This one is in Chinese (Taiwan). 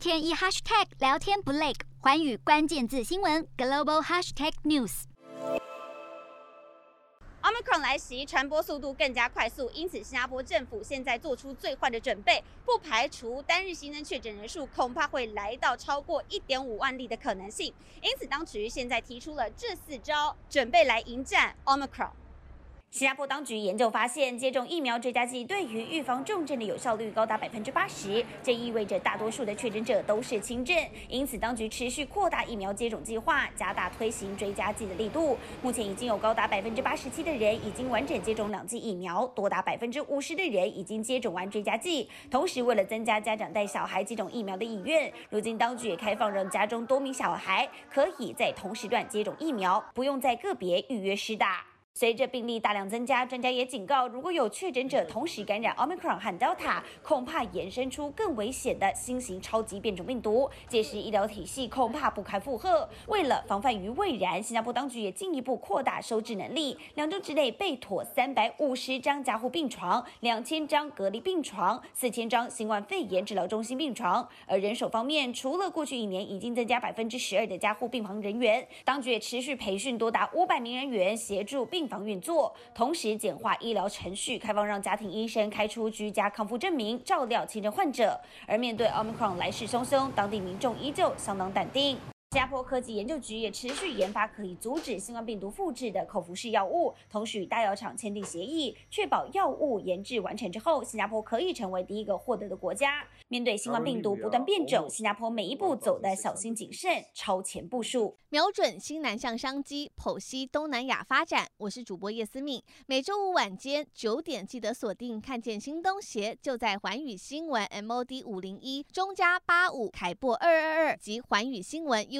天一 hashtag 聊天不累，寰宇關鍵字新聞 global hashtag news。Omicron 來襲，傳播速度更加快速，因此新加坡政府現在做出最壞的準備，不排除單日新增確診人數恐怕會來到超過一點五萬例的可能性。因此，當局現在提出了這四招，準備來迎戰 Omicron。新加坡當局研究發現，接種疫苗追加劑對於預防重症的有效率高達百分之八十，這意味着大多數的確診者都是輕症。因此，當局持續擴大疫苗接種計劃，加大推行追加劑的力度。目前已經有高達百分之八十七的人已經完整接種兩劑疫苗，多達百分之五十的人已經接種完追加劑。同時，為了增加家長帶小孩接種疫苗的意願，如今當局也開放讓家中多名小孩可以在同時段接種疫苗，不用在個別預約施打。隨着病例大量增加，專家也警告，如果有確診者同時感染奧密克戎和德爾塔，恐怕延伸出更危險的新型超級變種病毒，屆時醫療體系恐怕不堪負荷。為了防範於未然，新加坡當局也進一步擴大收治能力，兩周之內備妥三百五十張加護病床、兩千張隔離病床、四千張新冠肺炎治療中心病床。而人手方面，除了過去一年已經增加百分之十二的加護病房人員，當局也持續培訓多達五百名人員協助病。病房運作，同時簡化醫療程序，開放讓家庭醫生開出居家康復證明，照料輕症患者。而面對 Omicron 來勢洶洶，當地民眾依舊相當淡定。新加坡科技研究局也持續研发可以阻止新冠病毒复制的口服式藥物，同時與大藥廠签訂協議，確保藥物研制完成之後，新加坡可以成為第一個獲得的國家。面對新冠病毒不斷變種，新加坡每一步走得小心謹慎，超前部署，瞄準新南向商機，剖析東南亞發展。我是主播葉思敏，每周五晚間九點記得鎖定，看見新東協就在環宇新聞 M O D 五零一中加八五凱擘二二二及環宇新聞 U。